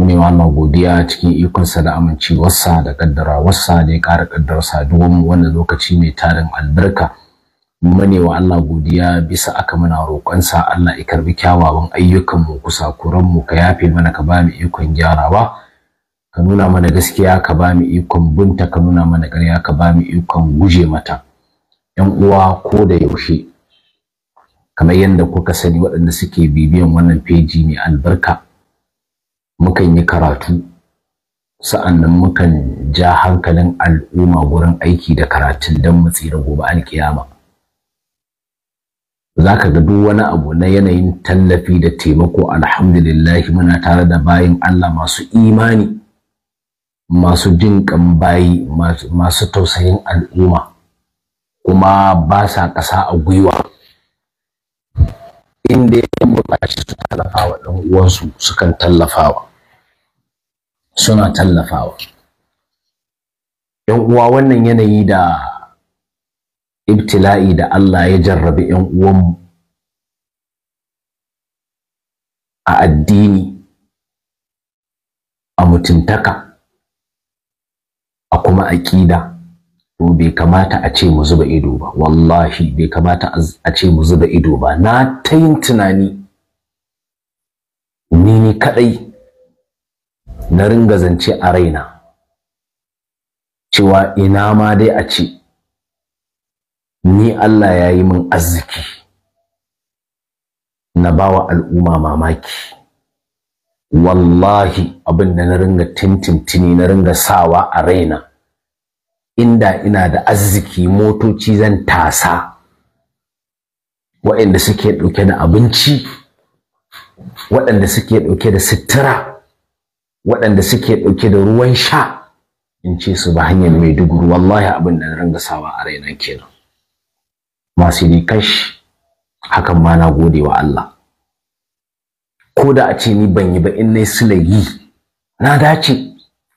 mune Allah godiya cikin ikonsa da wassa da kaddarawarsa da ya ƙara kaddar saduwan wannan lokaci mai tarin albarka mune wa Allah godiya bisa aka muna roƙonsa Allah ya karbi kyawawan ayyukan mu ayyukanmu kusakuranmu ka yafe mana ka ba mu ikon gyarawa ka nuna mana gaskiya ka ba mu ikon bunta ka nuna mana ƙarya ka ba mu ikon guje mata ‘yan uwa ko da yaushe kamar yadda kuka sani waɗanda suke bibiyan wannan feji mai albarka mukan yi karatu sa'annan mukan ja hankalin al'umma gurin aiki da karatun don mu tsira gobe alkiyama za ka ga duk wani abu na yanayin tallafi da taimako alhamdulillah muna tare da bayin Allah masu imani masu jin bayi masu tausayin al'umma kuma ba sa ƙasa a gwiwa inda ya buƙaci su tallafa wa ɗan uwansu sukan tallafawa suna tallafawa yan uwa wannan yanayi da ibtila'i da Allah ya jarrabi yan uwanmu a addini a mutuntaka a kuma aƙida to bai kamata a ce mu zuba ido ba wallahi bai kamata a ce mu zuba ido ba na ta yin tunani ni ni kaɗai na ringa zance a raina cewa ina ma dai a ce ni Allah ya yi min arziki na bawa al'umma mamaki wallahi abin da na ringa tintintini na ringa sawa a raina inda ina da arziki motoci zan tasa waɗanda suke ɗauke da abinci waɗanda suke ɗauke da sitira. waɗanda suke ɗauke da ruwan sha in ce su ba hanyar mai maiduguri wallahi abin da na ranga sawa a raina kenan masu kashi. hakan ma na gode wa Allah ko da a ce ni ban yi ba in na yi na dace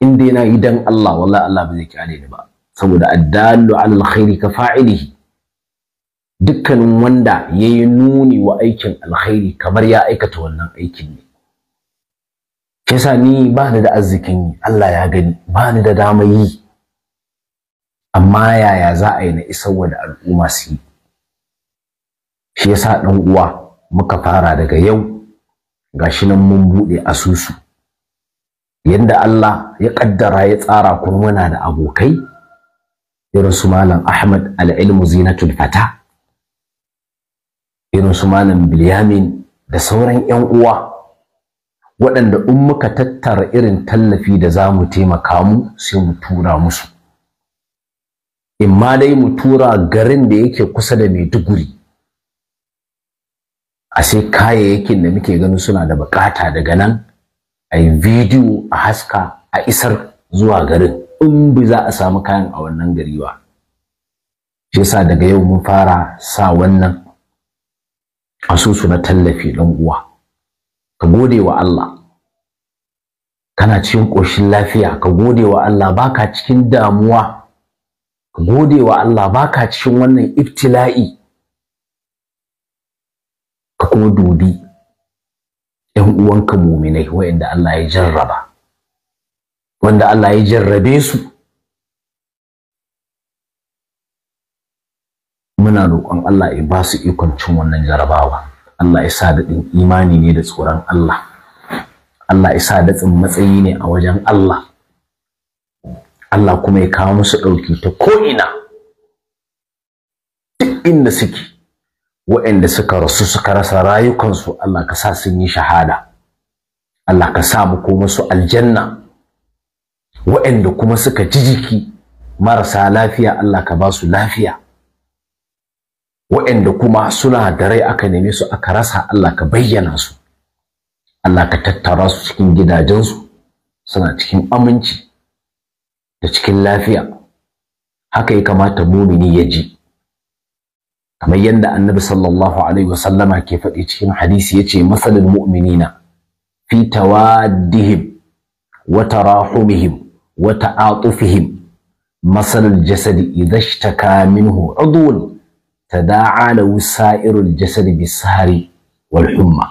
in dai na yi dan Allah wallahi Allah ba zai kyale ni ba saboda addallu ala alkhairi ka fa'ilihi dukkanin wanda yayi nuni wa aikin alkhairi kamar ya aikata wannan aikin ne yasa ni ba ni da arzikin yi Allah ya gani ba ni da dama yi amma yaya za a yi na wa da al'umma su yi shi yasa ɗan uwa muka fara daga yau Ga shi nan mun buɗe asusu yanda Allah ya ƙaddara ya tsara kuma muna da abokai irin su malam Ahmad al-ilmu zinatul fata irin su malam Bilyamin da sauran 'yan uwa waɗanda in muka tattara irin tallafi da za mu taimaka mu sai mu tura musu in ma dai mu tura garin da yake kusa da maiduguri a sai kayayyakin da muke ganin suna da bukata daga nan a yi bidiyo a haska a isar zuwa garin in bi za a samu kayan a wannan gari ba shi yasa daga yau mun fara sa wannan asusu na tallafi ɗan uwa ka gode wa Allah kana cikin ƙoshin lafiya ka gode wa Allah baka cikin damuwa ka gode wa Allah baka cikin wannan ibtila'i ka kuma dubi ‘yan uwanka muminai waɗanda Allah ya jarraba wanda Allah ya jarrabe su muna roƙon Allah ya ba su ikon cin wannan jarabawa Allah ya sa daɗin imani ne da tsoron Allah Allah ya sa datsin matsayi ne a wajen Allah Allah kuma ya kawo musu ɗauki ta ko'ina duk inda suke waɗanda suka rasu suka rasa rayukansu Allah ka sa sun yi shahada Allah ka sa mu koma su aljanna waɗanda kuma suka ji jiki marasa lafiya Allah ka ba su lafiya wa'anda kuma suna da rai aka neme su aka rasa Allah ka bayyana su Allah ka tattara su cikin gidajensu suna cikin aminci da cikin lafiya haka ya kamata mumini ya ji kamar yadda annabi sallallahu alaihi wasallama ke faɗi cikin hadisi yace masalul mu'minina fi tawaddihim wa tarahumihim wa ta'atufihim masalul jasadi idha ishtaka minhu udwun tada'a lahu sa'irul jasad bisari wal humma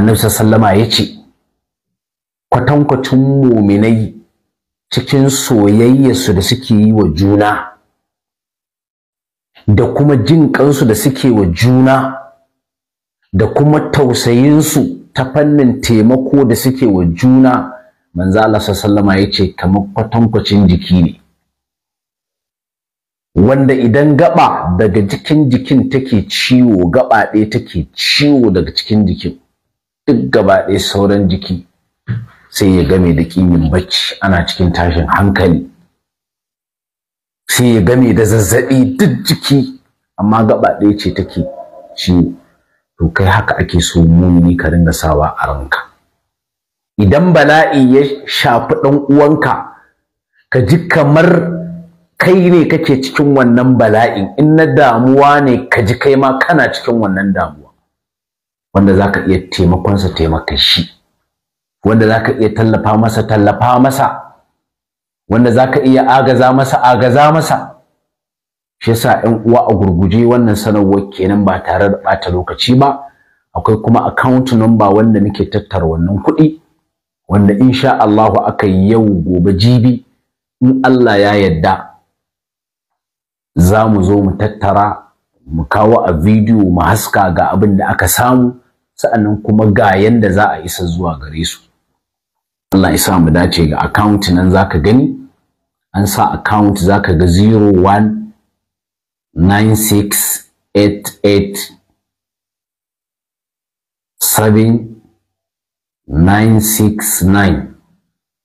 annabi sallama yace kwatankwacin muminai cikin su da suke yi wa juna da kuma jin kansu da suke wa juna da kuma tausayinsu ta fannin taimako da suke wa juna manzo Allah sallama yace kamar kwatankwacin jiki ne wanda idan gaba daga cikin jikin take ciwo gaba ɗaya take ciwo daga cikin jikin duk gaba ɗaya sauran jiki sai ya game da ƙimin bacci ana cikin tashin hankali sai ya game da zazzaɓi duk jiki amma gaba ɗaya ce take ciwo to kai haka ake so mumini ka dinga sawa a ranka idan bala'i ya shafi ɗan uwanka ka ji kamar kai ne kake cikin wannan bala'in in na damuwa ne ka ji kai ma kana cikin wannan damuwa wanda za ka iya taimakonsa taimaka shi wanda za ka iya tallafa masa tallafa masa wanda za ka iya agaza masa agaza masa shi yasa 'yan uwa a gurguje wannan sanarwar kenan ba tare da ɓata lokaci ba akwai kuma account number wanda muke tattara wannan kuɗi wanda insha Allahu aka yi yau gobe jibi in Allah ya yadda. za mu zo mu tattara mu kawo a bidiyo mu haska ga abin da aka samu sa'annan kuma ga yanda za a isa zuwa gare su Allah ya sa mu dace ga account nan ka gani an sa account zaka ga 019688 7969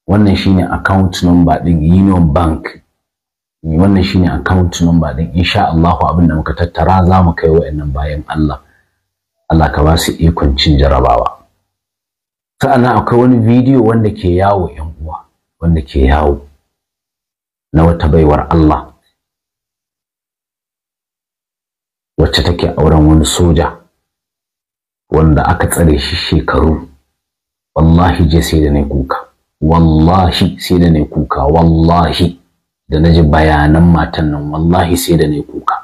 wannan shine account number din Union Bank wannan shine account number din insha Allah abin da muka tattara za mu kai wa'annan bayan Allah Allah ka ba su ikon cin jarabawa sa'annan akwai wani bidiyo wanda ke yawo yan uwa wanda ke yawo na wata baiwar Allah wacce take auren wani soja wanda aka tsare shi shekaru wallahi je sai da ne kuka wallahi sai da ne kuka wallahi da na ji bayanan matan nan wallahi sai da na kuka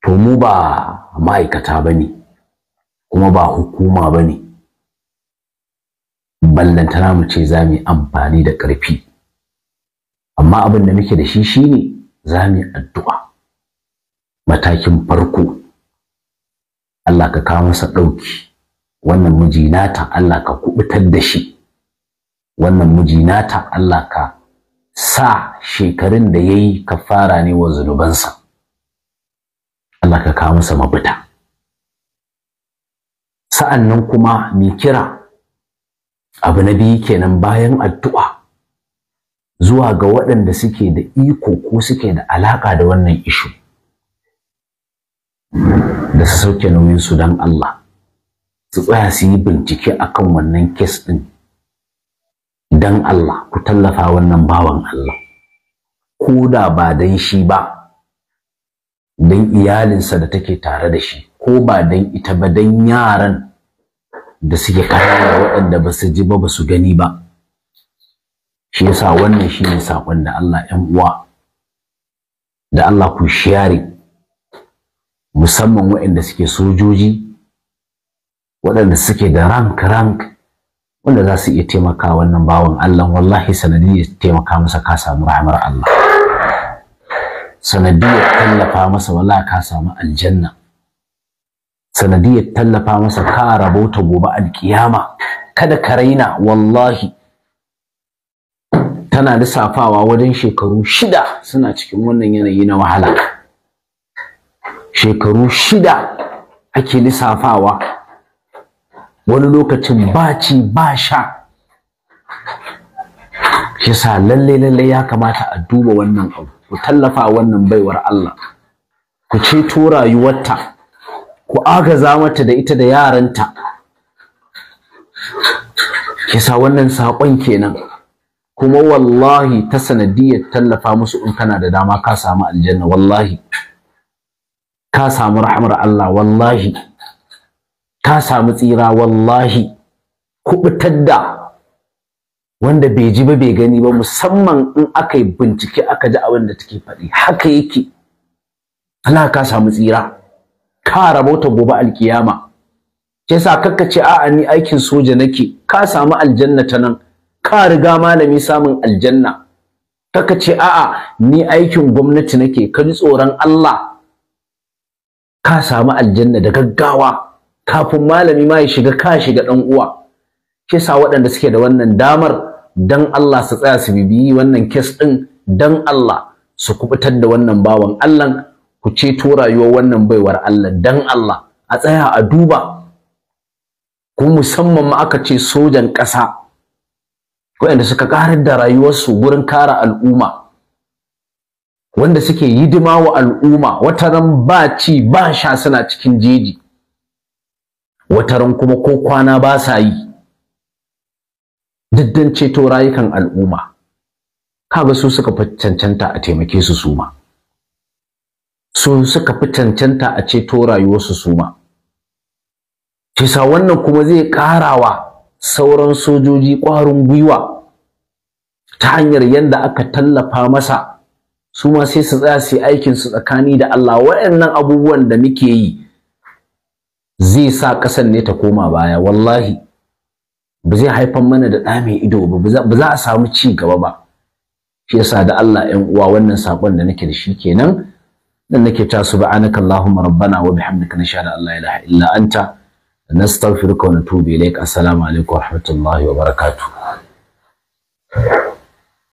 to mu ba ma'aikata ba ne kuma ba hukuma ba ne ballantana mu ce za mu amfani da ƙarfi amma abin da muke da shi shine za mu addu'a matakin farko Allah ka kawo masa ɗauki wannan miji nata Allah ka kubutar da shi wannan miji nata Allah ka sa shekarun da yayi kafara ne wa zunubansa Allah ka kawo masa mafita sa'annan kuma mai kira abu na biyu kenan bayan addu'a zuwa ga waɗanda suke da iko ko suke da alaƙa da wannan ishu da su sauke nauyinsu don Allah su tsaya su yi bincike akan wannan kes ɗin dan Allah ku tallafa wannan bawan Allah ko da ba dan shi ba dan iyalinsa da take tare da shi ko ba dan ita ba dan yaran da suke kaya waɗanda ba su ji ba ba su gani ba shi yasa wannan ne sakon da Allah 'yan uwa da Allah ku share musamman waɗanda suke sojoji waɗanda suke da rank rank wanda za su iya taimaka wannan bawan Allah wallahi sanadiyar taimaka masa ka samu rahmar Allah sanadiyar tallafa masa wallahi ka samu aljanna sanadiyar tallafa masa ka rabota gobe alkiyama kada ka raina wallahi tana lissafawa wajen shekaru shida suna cikin wannan yanayi na wahala shekaru shida ake lissafawa wani lokacin eh. ba ci ba sha yasa lalle lalle ya kamata a duba wannan abu ku tallafa wannan baiwar Allah ku ceto rayuwarta ku agaza mata da ita da yaranta yasa wannan saƙon kenan kuma wallahi ta sanadiyar tallafa musu in kana da dama ka samu aljanna wallahi ka samu rahmar Allah wallahi ta samu tsira wallahi kubutar da wanda bai ji ba bai gani ba musamman in aka yi bincike aka ji abin da take faɗi haka yake Ana ka samu tsira ka rabota gobe alkiyama ke sa kakka ce a'a ni aikin soja nake ka samu aljanna ta nan ka riga malami samun aljanna kakka ce a'a ni aikin gwamnati nake ka ji tsoron Allah ka samu aljanna da gaggawa kafin malami ma ya shiga ka shiga dan uwa kisa waɗanda suke da wannan damar dan Allah su tsaya su bibiyi wannan kes din dan Allah su kubutar da wannan bawan Allah ku ceto rayuwar wannan baiwar Allah dan Allah a tsaya a duba ko musamman ma aka ce sojan ƙasa waɗanda suka karar da rayuwarsu gurin kare al'umma wanda suke hidima wa al'umma wata ran ba ci ba sha suna cikin jeji wataran kuma ko kwana ba sa yi diddan ceto rayukan al'umma kaga su suka fi cancanta a taimake su suma su suka fi cancanta a ceto rayuwarsu suma Kisa wannan kuma zai wa sauran sojoji ƙwarin gwiwa ta hanyar yadda aka tallafa masa su ma sai su tsaya su aikin su tsakani da Allah waɗannan abubuwan da muke yi zai sa ƙasar ne ta koma baya wallahi ba zai haifan mana da ɗa mai ido ba ba za a samu ci gaba ba shi yasa da Allah 'yan uwa wannan saƙon da nake da shi kenan dan nake ta subhanaka allahumma rabbana wa bihamdika nashhadu an la ilaha illa anta nastaghfiruka wa natubu ilaik assalamu alaikum wa rahmatullahi wa barakatuh